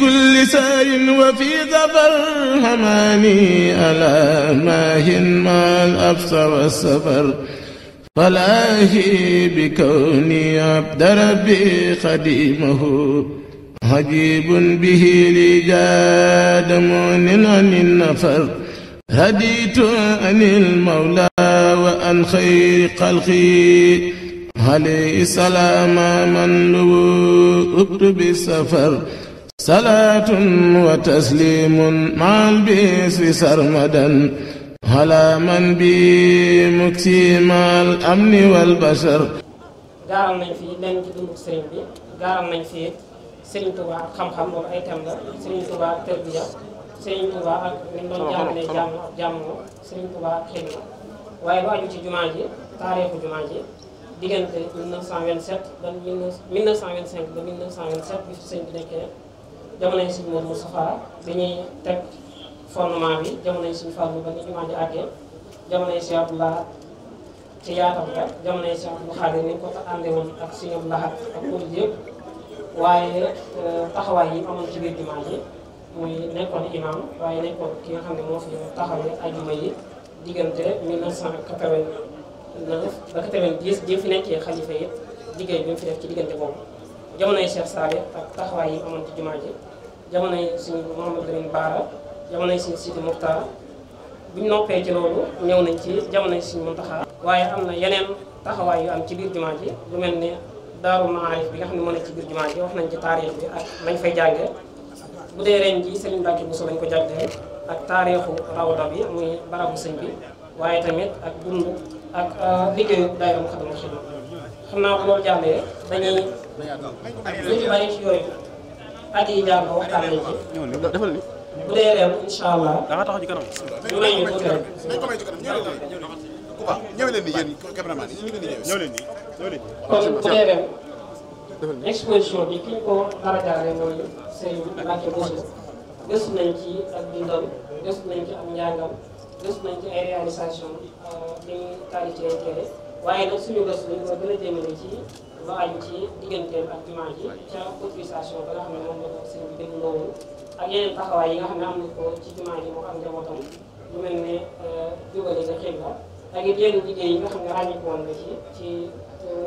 كل سير وفي ظفر هماني ألا ماهن ما الأبص والسفر فلاهي بكوني عبد ربي خديمه عجيب به لي جاد مؤن عن النفر هديت عن المولى وأن خير خلقي عليه السلام من لو أكتب السفر صلاة وتسليم مع البسر سرمدا على من بمكسي مع الأمن والبشر gaaral nañ fi lenn ci dundu sëriñ bi gaaral nañ fi sëriñ Touba xam-xam loolu ay thèmes la sëriñ Touba ak tërbiya sëriñ ak li ñu doon jàngale jàmm jàmm sëriñ waaye lu aju ci jumaa ji taarixu jumaa ji diggante 1927 ba 1925 ba 1927 bi fi sëriñ bi nekkee jamono yi suñu Modou Moustapha bi ñuy teg fondement bi jamono yi suñu Fallou ba ñu jumaa ji àggee jamono yi Cheikh Abdoulaye ci yaatam ga jamono yi Cheikh Abdou ko àndee woon ak suñu Abdoulaye ak kóol yëpp waaye euh, taxawaay yi amoon ci biir jumaa ji muy nekkoon imam waaye nekkoon ki nga xam ne moo fi taxawee ajuma yi diggante 1989 ba 90 ji fi nekkee xalifa yi liggéey bi mu fi def ci diggante boobu jamonoy Cheikh Saliou ak taxawaay amoon ci jumaa ji jamono yi suñu Mouhamadou Lamine Bara jamono yi suñu Sidi Mokhtar bu ñu noppee ci loolu ñëw nañ ci jamono yi suñu Muntaxa waaye am na yeneen taxawaay yu am ci biir jumaa ji lu mel ni daaru maarif bi nga xam ne moo ne ci biir jumaa ji wax nañ ci taarix bi ak lañ fay jànge bu dee ren ji Serigne Mbacke Bousso lañ ko jàngee ak taarixu rawda bi muy barabu sëñ bi waaye tamit ak dund ak euh, liggéeyu daayira Moukhaddamatoul Khidma xam naa bu loolu jàllee dañuy lu ci bari at yi jàll waxtaan nañ ci. bu dee ren incha allah. da nga taxaw kanam. ñëw leen ñëw leen kon bu dee ren exposition bi ki ñu ko darajaale mooy Serigne Mbacke Bousso gëstu nañ ci ak dundam gëstu nañ ci am njàngam gëstu nañ ci ay réalisation bi euh, ñuy tari ci intérêt waaye nag suñu gëstu ñu ko gën a jëmale ci lu aju ci digganteem ak jumaa ji ca autorisation ba nga xam ne moom la ko sëñ bi loolu ak yeneen taxawaay yi nga xam ne am na ci jumaa ji moom lu mel ne euh, jubale na xëy na ak it yenn liggéey yi nga xam ne na ci ci euh, euh,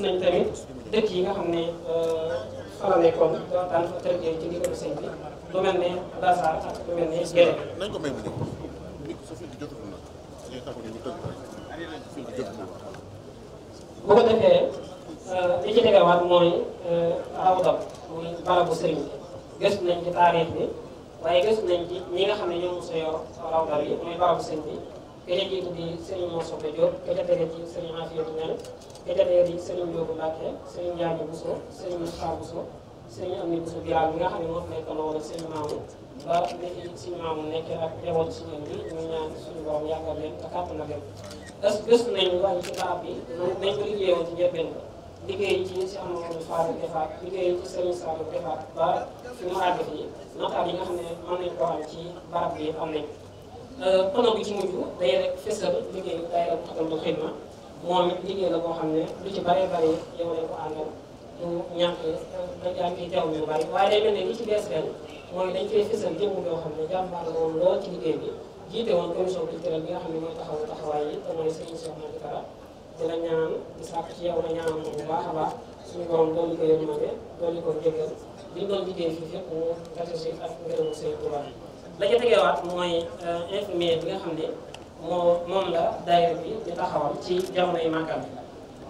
nañ tamit dëkk yi nga xam ne fa la nekkoon daan fa tërgee ci ndigalu sëñ bi lu mel ni Lassar ak mel ni Guèye. nañ ko may mu ñëw bu ko defee euh, li mooy euh, rawdam muy barabu sëriñ bi nañ ci taarix bi waaye gëstu nañ ci ñi nga xam ne ñoo mos a yor rawdam yi muy barabu sëriñ bi ka ca jiitu di sëriñ Moussa Diop ka ca tege ci sëriñ Afia Diop ka ca tege di sëriñ Diop Mbacke sëriñ Ndiaye Bousso sëriñ Moussa Bousso sëñ Amady Soufiane bi nga xam ne moo fi loolu sëñ Maamu ba li fi Maamu nekkee ak njaboot si ñun bi ñu ñaan suñu borom yàggal leen te kàpp na leen gës gëstu nañu wàññi ci barab bi nañ ko liggéeyoon ci njëlbeen ba liggéey ci si Amadou Fallou defaat mu àgg fii xam ne mën nañ koo am ci barab bi euh, boo xam ne lu ci bare bare yow la ko àndal ñàkk dañ ciy teew ñu bari waaye day mel ne li ci bees benn mooy dañ fee fësal xam ne jàmbaar la woon ci liggéey bi jiite woon commission culturelle bi nga xam ne mooy taxawu taxawaay yi te mooy sëriñ Cheikh Madi Kara di la ñaan yow na ñaanal bu baax a baax suñu borom dolli doon liggéey fii fépp mu gàcce si ak ngërëmu sëriñ Tuubaa la ca mooy euh, infirmier bi nga xam ne moo moom la daayira bi di taxawal ci jamonoy màggal bi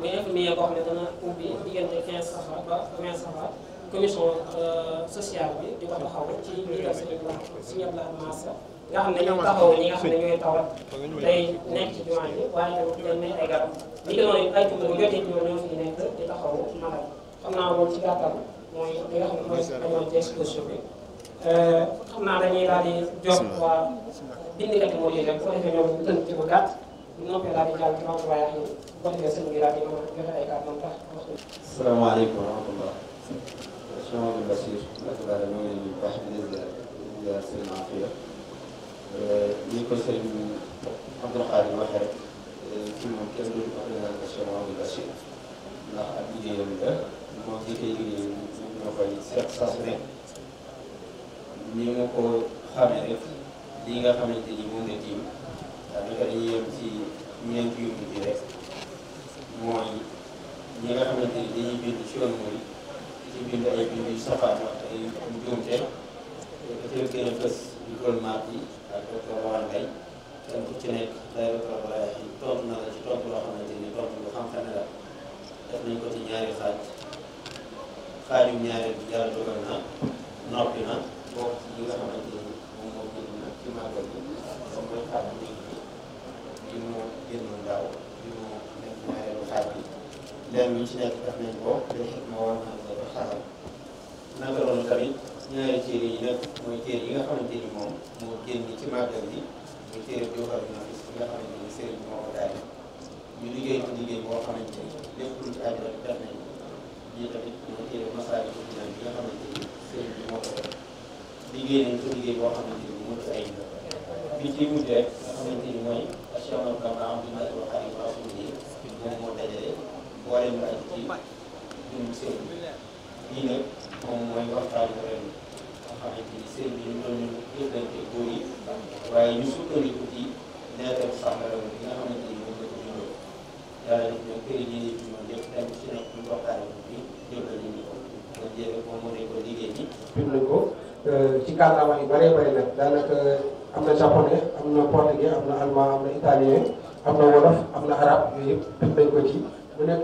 muy infirmier boo xam ne euh, bi di ko taxaw ci njiital sëñ Sëñ Abdou Lahad Massa nga xam ne ñoom taxaw ñi nga xam ne ñooy tawat day nekk ci jumaa ji waaye tamit dañ may ay garab li ko noonu ay tudd bu jotee ci ñoom ñoo nekk di taxaw malade xam naa loolu ci gàttal mooy nga xam ne mooy dañoo ci exposition bi euh, xam naa dañuy daal di jox waa bindkat moo di rek bu ko defee ñoom tënk ci bu gàtt bu noppee daal di jàll ci wàllu waaye ak ñoom bu ko defee sëñ bi daal di mën a joxe ay kàddu ndax wax dëgg. asalaamaaleykum wa rahmatulah. sëñ Abdou Bassir Mbacke Bada ñoo ngi leen di baax di leen ziar seen aafiya eh, ni ko sëñ Abdou Khadre waxee rek eh, ci moom kenn duñu wax dëgg yàlla eh, sëñ Abdou Bassir ndax ab liggéeyam la moom ñi koy liggéey ñoo koy seet saa su ne ni ma ko xamee rek lii nga xamante ni moom la tiim daanaka dañuy yem ci. ñeent yu mujj rek mooy ñi nga xamante ni dañuy bind ci yoon mooy ci bind ay bind yu safaan wax ay njuumte te teel gën a fës di gol maat yi ak docteur Wawan Mbaye kenn ku ci nekk day docteur tontu na la ci tontu loo xamante ni tontu lu xam-xam la def nañ ko ci ñaari xaaj xaajum ñaareel bi yàlla dogal na noppi na bokk ci li nga xamante ni moom moo gën na ci màggal bi moom mooy xaaj bi li mu génnoon daaw li mu nekk ñaareelu xaaj bi lenn lu ci nekk def nañ ko day xëy ma woon xam ne dafa xamal naka noonu tamit ñaari téere yi nag mooy téere yi nga xamante ni moom moo génn ci màggal yi muy téere bi nga xamante ni sëriñ bi moo ko daal ñu liggéey ko liggéey boo xamante ni lépp lu ci àddina bi def nañ ko lii tamit mooy téere masaali bu dinañ bi nga xamante ni sëriñ bi moo ko def liggéey nañ ko liggéey boo xamante ni mu mucc ay bi ci mujj rek nga xamante ni mooy Cheikh Ahmadou Bamba Abdoulaye wa Xaadimu Rasuul moom moo dajale boolem ak ci ñun seen ñi nag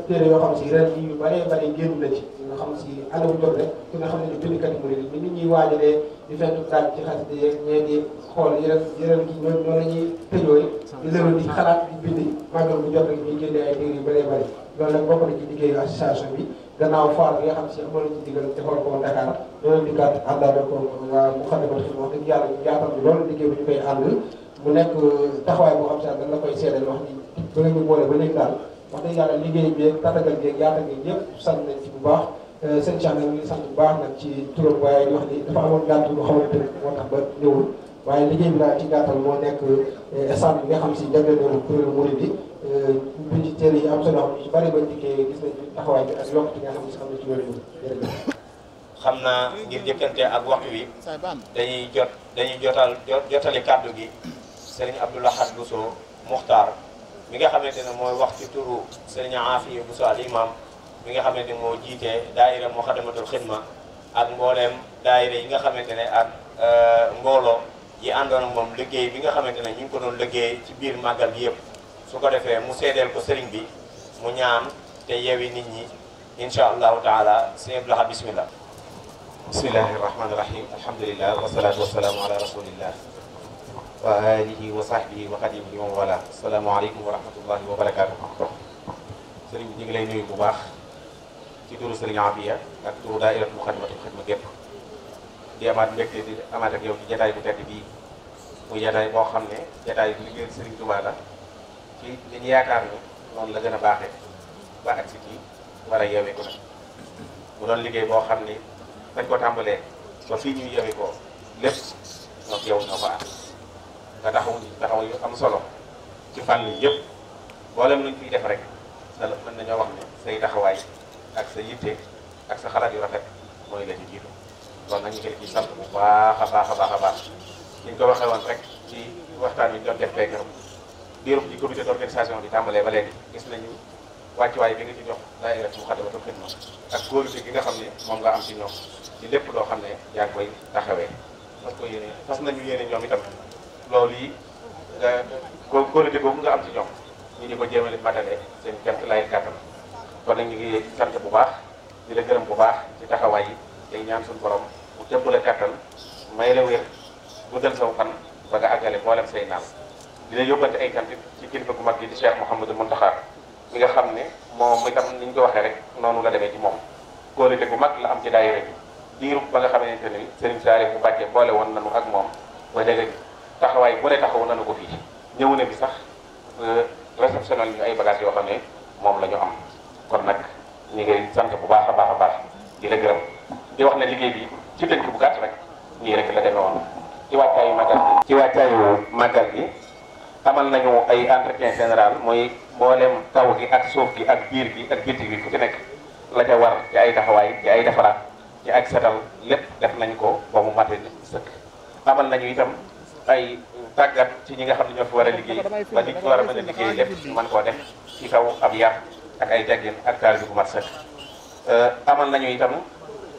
téere yoo xam si ren yi yu bëree bëri génn na ci nga xam si anamu jot rek ku nga xam ne ni bindikat yi murid yi ni nit ñuy waajalee di fentu daaj ci xas di yeeg ñee di xool yeneen yeneen kii ñoom noonu la ñuy tëjooy di lëral di xalaat di bind màggal bu jot rek ñuy génnee ay téere yu bëree bëri loolu nag bokk na ci liggéeyu association bi gannaaw foire bi nga xam si amoon na ci digal te xool ko woon Dakar loolu dikkaat àndaale ko waa mu xam ne wax dëgg yàlla ñu jaatal bi loolu liggéey bi ñu koy ànd mu nekk euh, taxawaay boo xam si dañ la koy seedal wax ni ba nga ñu boole ba léegi daal wax dëgg yàlla liggéey beeg tatagal beeg yaatal gi ñëpp sant nañ ci bu baax euh, seen changement ñu ngi sant bu baax nag ci turam waaye wax ni dafa amoon gàtt bu xamante ne moo tax ba ñëwul waaye liggéey bi daal ci gàttal moo nekk euh, stade bi nga xam si jagleel na kuréelu murid yi euh, biñ ci téere yi am solo xam ci bari ba dikkee gis nañ taxawaay bi ak yokk ci nga xam si xam na ci loolu jërëjëf xam naa ngir jëkkante ak waxtu wi dañuy jot dañuy jotal jotali kàddu gi Serigne Abdou Lahad Bousso Muxtaar mi nga xamante ne mooy wax ci turu sëriñ Afiya Bousso al imam mi nga xamante ne moo jiitee daayira Moukhaddamatoul Khidma ak mbooleem daayira yi nga xamante ne ak euh, mbooloo yi àndoon moom liggéey bi nga xamante ne ñu ngi ko doon liggéey ci biir màggal gi yëpp su ko defee mu seedeel ko sëriñ bi mu ñaan te yewi nit ñi incha allahu taala sëriñ Blaha bismillah bismillahi rahmani rahim alhamdulilah wasalatu wasalaamu ala rasulillah wa alihi wa sahbihi wa xadim bi moom voilà asalaamaaleykum wa rahmatullahi wa barakaatu sëriñ bi ñu ngi lay nuyu bu baax ci turu sëriñ Afia ak turu daayiratu Muxaddamatul Xidma gépp di amaat bu tedd bii muy jataay boo xam ne jataay bu liggéeyal yaakaar ni noonu la gën a baaxee ba ak a yeewee ko doon liggéey boo xam ne dañ ko tàmbalee ba fii ñuy yeewee ko lépp moom yow ko ànd nga taxawu ci taxaw yu am solo ci fànn yëpp mboolem luñ fiy def rek dana mën nañoo wax ne say taxawaay ak sa yitte ak sa xalaat yu rafet mooy la ci jiitu kon nag ñu ngi sant bu baax a baax a baax a ko waxee woon rek ci waxtaan bi ñu doon def béykat biirum ci comité d'organisation bi tàmbalee ba léegi gis nañu wàccuwaay bi nga ci jox daayira Moukhaddamatoul Khidma ak kóolute gi nga xam ne moom nga am ci ñoom ci lépp loo xam ne yaa ngi koy taxawee fas ko yéene fas nañu yéene ñoom itam loolu yi nga koo kóolute boobu nga am ci ñoom ñu di ko jéem a leen seen kemt lay kàttan kon nag ñu ngi sant bu baax di la gërëm bu baax ci taxawaay yi day ñaan suñu borom mu tëbb la kàttan may la wér guddal saw fan ba nga àggale mboolem say naal di la yóbbante ay kantit ci kilifa gu mag gi di Cheikh Mouhamadou Mountakha mi nga xam ne moom itam ni ñu ko waxee rek noonu la demee ci moom kóolute gu mag la am ci daayira bi diiru ba nga xamante ne Serigne Saliou bu Mbàkke boole woon nanu ak moom ba léegi taxawaay bu ne taxaw nanu ko fii ñëw na bi sax euh, réceptionnel ñu ay bagages yoo xam ne moom la ñu am kon nag ñu ngi sant bu baax a baax a baax di la gërëm di wax na liggéey bi ci tënk bu gàtt rek nii rek la demee woon ci waajtaayu màggal gi ci waajtaayu màggal gi amal nañu ay entretien général mooy mboolem taw gi ak suuf gi ak biir gi ak bitti bi fu ci nekk la ca war ay taxawaay ci ay defaraat ci ak setal lépp def nañ ko ba mu mate sëkk amal nañu itam ay tàggat ci ñi nga xam ne ñoo fi war a liggéey ba ñi war a mën a liggéey lépp ñu mën koo def ci kaw ab yar ak ay teggin ak taal bi bu mat sëkk euh, amal nañu itam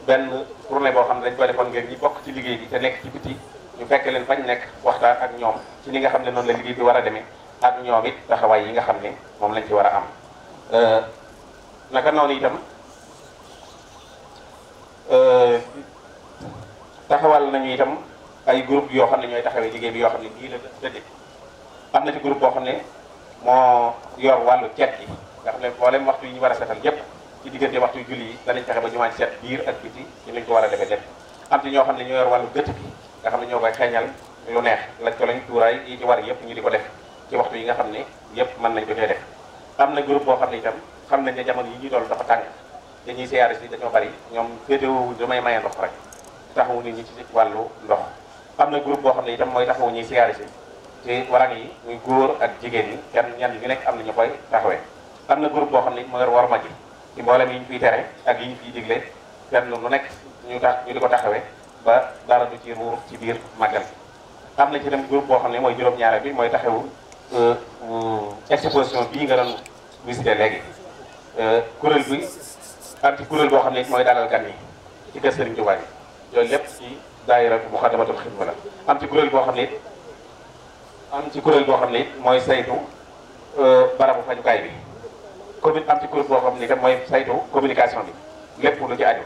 benn tournée boo xam ne dañ ko defoon ngir ñi bokk ci liggéey bi te nekk ci ñu fekk leen fañ nekk waxtaan ak ñoom ci li nga xam ne noonu la liggéey bi war a demee ak ñoom it taxawaay yi nga xam ne moom lañ ci war a am euh, naka noonu itam euh, taxawal nañu itam ay groupe yoo xam ne ñooy taxawee liggéey bi yoo xam ne nii la tëddee am na ci groupe boo xam ne moo yor wàllu ceet gi nga xam ne mboolem waxtu yi ñu war a setal yépp ci diggante waxtu julli yi danañ fexe ba ñu mën seet biir ak biti ko war a defee def am ci ñoo xam ne ñoo yor wàllu gëtt bi nga xam ne ñoo koy xeeñal lu neex lañ ko lañ tuuraay yi ci war yëpp ñu di ko def ci waxtu yi nga xam ne yépp mën nañ ko fee def am na groupe boo xam ne itam xam nañ ne jamono yi ñuy dool dafa tàng te ñuy siyaare si dañoo bari ñoom féetéwoowu damay maye ndox rek taxawu nit ñi ci wàllu ndox am na groupe boo xam ne itam mooy taxawu ñuy siyaare si ci waran yi muy góor ak jigéen yi kenn ñenn ñu nekk am na ñu koy taxawee am na groupe boo xam ne moo yor war ma ji ci mboolem yi ñu fiy tere ak yi ñu fiy digle kenn lu nekk taxawee ba dara du ci ci biir màggal am na ci dem groupe boo xam ne mooy juróom-ñaareel bi mooy taxewu euh, mm, exposition bii nga doon visité léegi euh, kuréel bi am ci kuréel boo xam ne mooy dalal gan yi ci kër Serigne Touba yi loolu lépp ci bu Muxaddamatul Xidma la am ci kuréel boo xam ne ci kuréel boo xam ne mooy saytu euh, barabu fajukaay bi commune am ci kuréel boo xam ne itam mooy saytu communication bi lépp lu ci aju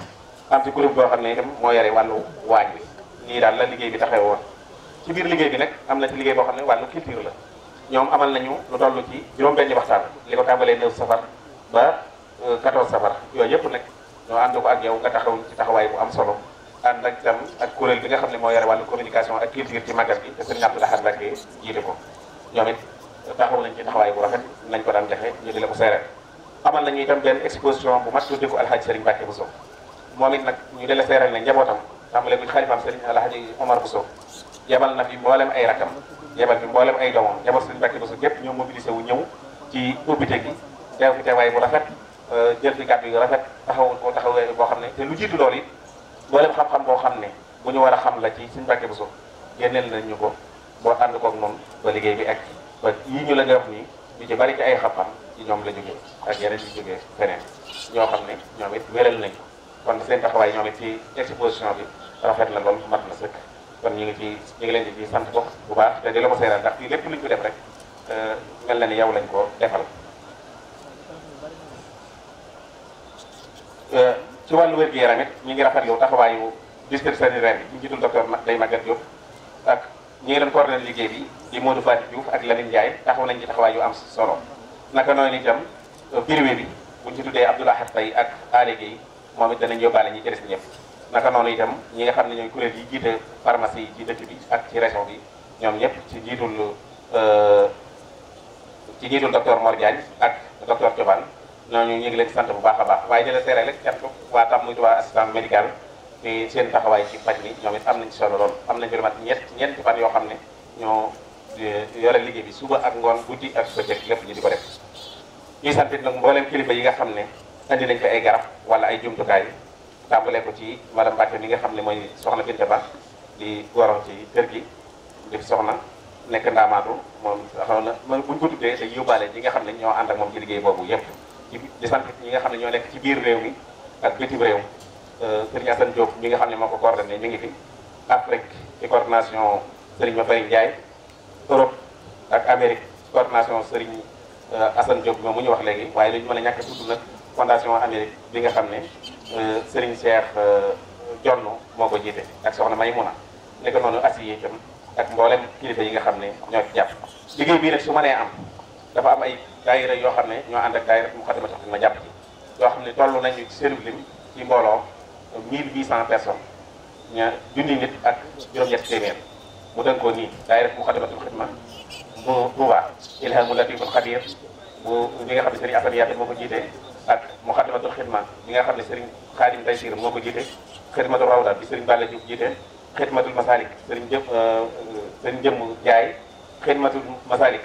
am ci kuréel boo xam ne itam moo yore wàllu waañ bi nii daal la liggéey bi taxaw woon ci biir liggéey bi nag am na ci liggéey boo xam ne wàllu culture la ñoom amal nañu lu toll ci juróom-benni waxtaan li ko tàmbalee 9 safar ba 14 euh, safar yooyu yëpp nag ñoo ànd ko ak yow nga taxaw ci taxawaay bu am solo ànd na tam ak kuréel bi nga xam ne moo yore wàllu ak culture ci magal bi te sëriñ Abdou Lahad ko ñoom it taxaw nañ ci taxawaay bu rafet ñu di la ko seereel amal nañu itam bu mag tuddee ko alxaaj Serigne Mbacké Bousso moom it nag ñu di la seereel ne njabootam tàmbale bi xalifaam Serigne yebal na fi mboolem ay rakam yebal fi mboolem ay doomam njaboot Serigne Mbacké Bousso gépp ñoo mobilisé wu ñëw ci ubbite gi teew fi teewaay bu rafet euh, jël fi kàddu yu rafet taxawul ko taxawee boo xam ne te lu jiitu loolu it mboolem xam-xam boo xam ne bu ñu war a xam la ci suñu bu Buso génneel nañ ñu ko boo ànd koog moom ba liggéey bi ak ba yii ñu la nga nii ñu ci bari ci ay xam-xam ci ñoom la jógee ak yeneen ñu jógee feneen ñoo xam ne ñoom it wéral nañ kon seen taxawaay ñoom it ci exposition bi rafet na lool man na sëkk kon ñu ngi ci ñu ngi leen ci sant ko bu baax te di la ko seeral ndax fii lépp lu ñu fi def rek euh, mel na ni yow lañ ko defal euh, su wàllu wér-gu-yaram it ngi rafet yow taxawaayu district sanitaire bi ñu jiitul docteur day Maguette Diop ak ñi ngi doon coordonné liggéey bi di Modou Fati Diouf ak Lamine Ndiaye taxaw nañ ci taxawaay yu am solo naka noonu itam birwe bi buñ ci dee Abdoulaye Xat Faye ak Aly Guèye moom it danañ yóbbaale ñi ci des ñëpp naka noonu itam ñi nga xam ne ñooy kuréel yi jiite pharmacie yi ci dëkk bi ak ci région bi ñoom ñëpp ci jiitul euh, ci jiitul docteur Mor Diagne ak docteur Thioban ñooñu ñu ngi leen sant bu baax a baax waaye di la seere rek cant waa tam muy waa assistance médicale ni seen taxawaay ci faj mi ñoom it am nañ solo lool am nañ ci lu mat ñett ñeenti yoo xam ne ñoo yore liggéey bi suba ak ngoon guddi ak bëccëg lépp ñu di ko sant it nag kilifa yi nga xam ne andi nañ fi ay garab wala ay jumtukaay tàmbalee ko ci madame Mbacke mi nga xam ne mooy soxna Binta baax di goro ci kër gi di soxna nekk ndaamaatu moom xaw na buñ ko tuddee day yóbbaale nga xam ne ñoo ànd ak moom ci liggéey boobu yépp di sant ñi nga xam ne ñoo nekk ci biir réew mi ak bitim réew euh, Serigne Assane Diop mi nga xam ne moo ko coordonné mi ngi fi Afrique ci coordination Serigne Mafari Ndiaye Europe ak Amérique ci coordination Serigne euh, Assane Diop moom mu ñu wax léegi waaye dañu mën a ñàkk a tudd nag fondation Amérique bi nga xam ne euh, Serigne Cheikh Jonn moo ko jiite ak soxna May Muna nekk noonu assis yi ak mboolem kilifa yi nga xam ne ñoo ci jàpp liggéey bii su ma nee am dafa am ay daayira yoo xam ne ñoo ànd ak daayira Muqaddamatul Khidma jàpp yoo xam ne toll nañu ci seen lim ci mbooloo 1800 personnes ña junni nit ak juróom-ñetti téeméer mu ko nii daayira Muqaddamatul Khidma bu Touba Ilhamul Latiful Khabir bu bi nga xam ne Serigne Assane Yaate moo ko jiite ak Muqaddamatul Khidma bi nga xam ne Serigne Khadim moo ko jiite Khidmatul Rawda bi Serigne Balla Diouf jiite Khidmatul Masalik Serigne jëm euh, Serigne jëm Jaay Khidmatul Masalik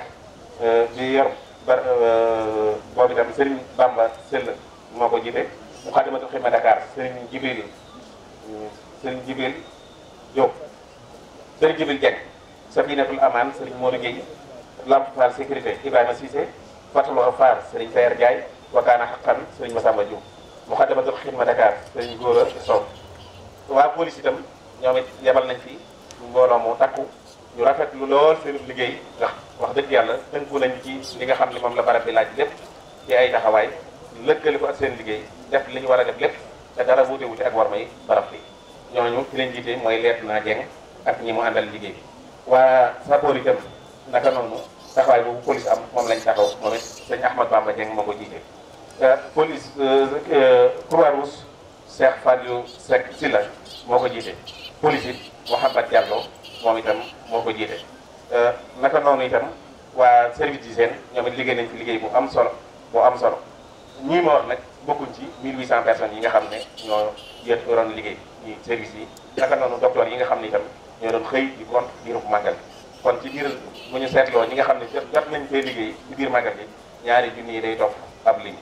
Euh, ñuy yor ba euh, boobu itam Serigne Bamba Sell moo ko jiite mu xaadimatul xidma Dakar Serigne Jibril euh, Serigne Jibril Diop Serigne Jibril Dieng Safinatul Aman Serigne Modou Guèye Lamp Fall sécurité Ibrahima Cissé Fatul Faar Serigne Tayer Ndiaye Wakana Xaqan Serigne Massamba Diouf mu xaadimatul xidma Dakar Serigne Gora Sow waa police itam ñoom it yebal nañ fi mbooloo mu takku ñu rafet lu lool seen liggéey ndax wax dëgg yàlla tënku nañ ci li nga xam ne moom la barab bi laaj lépp ci ay taxawaay lëkkale ko ak seen liggéey def li ñu war a def lépp te dara wuute wuute ak war may barab bi ñooñu ki leen jiite mooy leet naa jeng ak ñi mu àndal liggéey bi waa sappoor itam naka noonu taxawaay boobu police am moom lañ taxaw moom it sëñ Ahmad Bamba Jeng moo ko jiite euh, police euh, euh, Croix-Rouge Cheikh Fadiou Seck Sylla moo ko jiite police it Mouhamed Diallo moom itam moo ko jiite euh, naka noonu itam waa service d'hygiène ñoom it liggéey nañ fi liggéey bu am solo bu am solo ñii ma wax nag bokkuñ ci 1800 personnes yi nga xam ne ñoo jot doon liggéey ñi service yi naka noonu docteur yi nga xam ne itam ñoo doon xëy di gont diiru màggal kon ci biir bu ñu seetloo ñi nga xam ne jot jot nañ fee liggéey ci biir màggal bi ñaari junni yi day topp ab ligne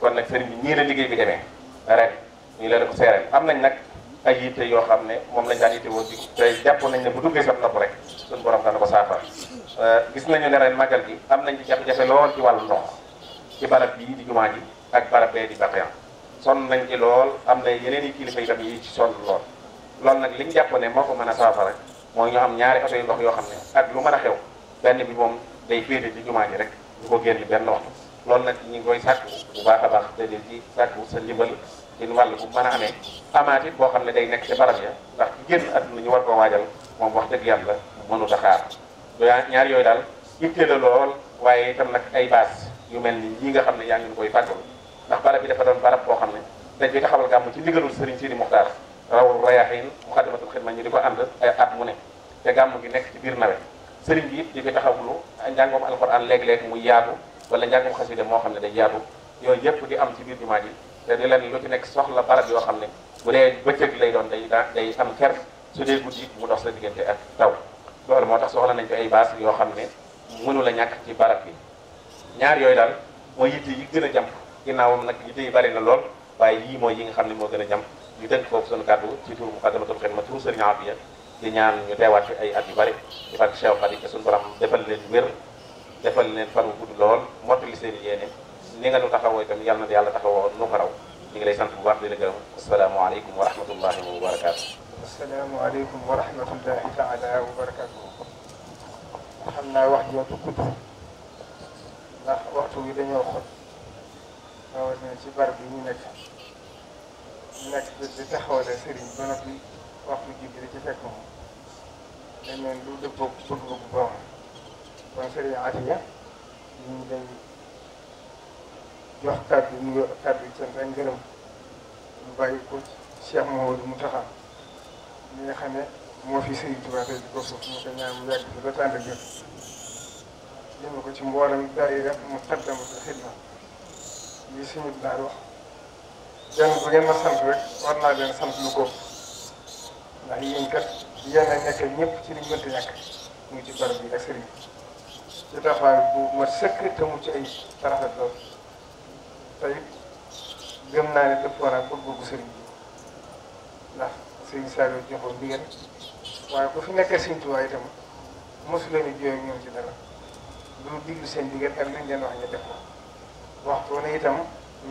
kon nag sëriñ bi ñii la liggéey bi demee ren ñii la ko seereel am nañ nag ay yitte yoo xam ne moom lañ daan yitte woon di tey jàpp nañ ne bu duggee seen nopp rek suñu borom dana ko saafara euh, gis nañu ne ren màggal gi am nañ ci jafe-jafe lool ci wàllu ndox ci barab bii di jumaa ji ak barab bee di Bakhiya sonn nañ ci lool am na yeneen i kilifa yi tam yi ci sonn lool loolu nag liñ jàpp ne moo ko mën a saafara mooy ñu xam ñaari oto ndox yoo xam ne ak lu mën a xew benn bi moom day féete ci jumaa ji rek ñu ko génn benn waxtu loolu nag ñu ngi koy sàkku bu a din wàll bu mën a amee amaat boo xam ne day nekk ci barab ya ndax ci génn àdduna ñu war koo waajal moom wax dëgg yàlla mënut a xaar yooyu daal itte la lool waaye itam nag ay baas yu mel ni ñii nga xam ne yaa ngi koy fàggal ndax barab bi dafa doon barab boo xam ne dañ koy taxawal gàmm ci ndigalul Serigne Sidi Muxtaar rawul rayaxiin muxaddamatul xidma ñu di ko ànd ay at mu ne te gàmm gi nekk ci biir nawet Serigne bi it di koy taxawlu njàngoom alquran léeg-léeg muy yaatu wala njàngoom xaside moo xam ne day yaatu yooyu yëpp di am ci biir jumaa ji te di leen lu ci nekk soxla barab yoo xam ne bu dee bëccëg lay doon day daan day am ker su dee guddi mu dox sa diggante ak taw loolu moo tax soxla nañ ay baas yoo xam ne mënu la ñàkk ci barab bi ñaar yooyu daal mooy yitte yi gën a jàmp ginnaawam nag yitte yi bari na lool waaye yii mooy yi nga xam ne moo gën a jàmp ñu dënk foofu sunu kàddu ci turu Muqaddamatul Xidma turu sëriñ Afiya di ñaan ñu teewaat fi ay at yu bari di fàttali Cheikh Xadim suñu borom defal leen wér defal leen faru gudd lool mottali seen yéene ni nga nu taxawoo itam yàlla na yàlla taxawoo nu ko raw ñu ngi lay sant bu baax di la gërëm asalaamaaleykum wa rahmatullahi wa barakaatu. asalaamaaleykum wa rahmatullahi taala wa barakaatu. xam naa wax jooju gudd ndax waxtu wi dañoo xot rawatina ci barab yi ñu nekk nekk di taxawale sëriñ ba noppi waxtu ji bi di ci fekk moom dañ leen lu dëppoo bëgg-bëgg boobu kon sëriñ Atiya ñu ngi lay. jox kàddu nuyoo ak kàddu yi cant ak mu bàyyi ko Cheikh Mouhamadou Mountakha mi nga xam ne moo fi Sëriñ Tuubaa tey di ko suuf mu ko ñaan mu yàgg bi ba tànd gër jëme ko ci mboolem daayira mu xaddamatul xidma li suñu daan wax jàng bu ngeen ma sant rek war naa leen sant lu ko ndax yéen kat yéen a nekk ñëpp ci liñ mënta ñàkk muy ci barab bi ak sëriñ ci taxawaay bu ma sëkk te mu ci ay tarafet lool te gëm naa ne dëppoo naa pour bëgg sëriñ bi ndax sëriñ Saliou joxoon ndigal waaye bu fi nekkee sëriñ Tuubaa itam mosu leen di jooy ñoom ci dara lu diglu seen ndigal ak liñ leen wax ñu def ko waxtu itam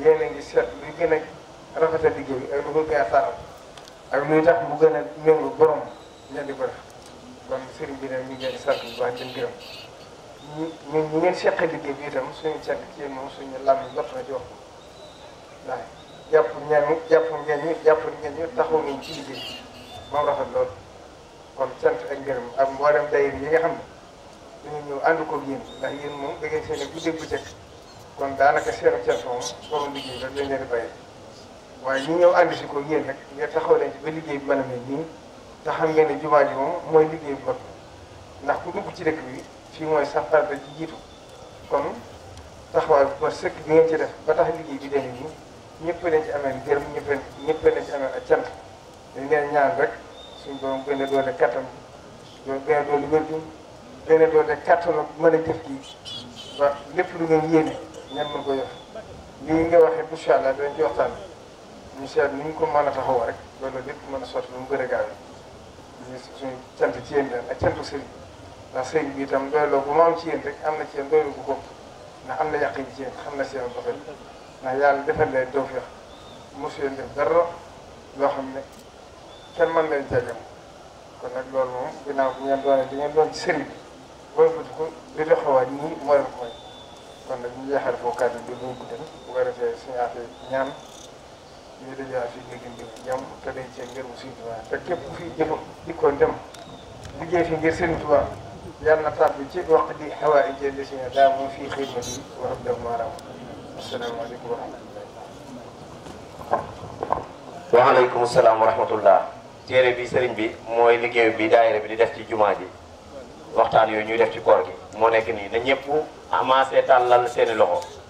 yéen ngi seet luy gën a rafetal liggéey bi ak ak luy tax mu gën a méngoo borom ña di ko def kon sëriñ bi ne ñu ngi leen di sant bu baax ñi ñi ñi ngeen seq liggéey bi itam suñu seq ci yéen moom suñu lam yi jot na jox ndax jàpp ñenn jàpp ngeen ñu jàpp ngeen ñu taxaw ngeen ci liggéey bi moom rafet kon sant ak ngërëm ak mboolem dayir yi nga xam dañu ñëw ànd ko yéen ndax yéen moom da ngeen seen i guddeeg bu jëkk kon daanaka seenu cant moom borom liggéey rek lañ leen di bàyyi waaye ñu ñëw ànd si ko yéen nag nga taxaw leen ci ba liggéey bi mën a mel te xam ngeen ne jumaa ji moom mooy liggéey bu ndax ku dugg ci rek bi fii mooy sa farata ji jiitu kon taxawaay bu ma sëkk nga ci def ba tax liggéey bi demee nii ñëpp leen ci amee gërëm ñëpp ñëpp leen ci amee ak cant ñaan rek suñ borom gën a doole kattan bi loolu gën a doole wér bi gën a doole kattanu lépp lu ngeen ñan mën ko yof lii nga waxee incha allah dinañ ci waxtaan ñu seet ni ñu ko man a taxawoo rek loolu lépp mën a sotti lu mu gën a gaaw ñu suñu cant ci yéen a cantu sëriñ ndax sëñ bi itam doyloo bu ma am ci yéen rek am na ci yéen doyloo bu ko ndax am na yàq ci yéen xam na seen doxal ndax yàlla defal leen tawfeex mosu leen def dara loo xam ne kenn mën leen jagam kon nag loolu moom ginnaaw bi ngeen doon doon ci sëriñ bi booy ko ko di doxawaat moo leen koy kon nag ñu jeexal foofu kàddu bi bu guddal bu ko defee suñu affaire ñu dajaa fi ngir mu Sëriñ Tuubaa te képp ku fi jëfa dikkoon dem liggéey fi ngir Sëriñ Tuubaa yàlla na tàbbi ci wax di si ne daa moom fii xidmati wa abdahu maaraam asalaamaaleykum wa waaleykum salaam wa rahmatullah. téere bi sëriñ bi mooy liggéey bi daayira bi di def ci jumaa ji waxtaan yooyu ñuy def ci koor gi moo nekk nii na ñëpp amaasee tàllal seeni loxo.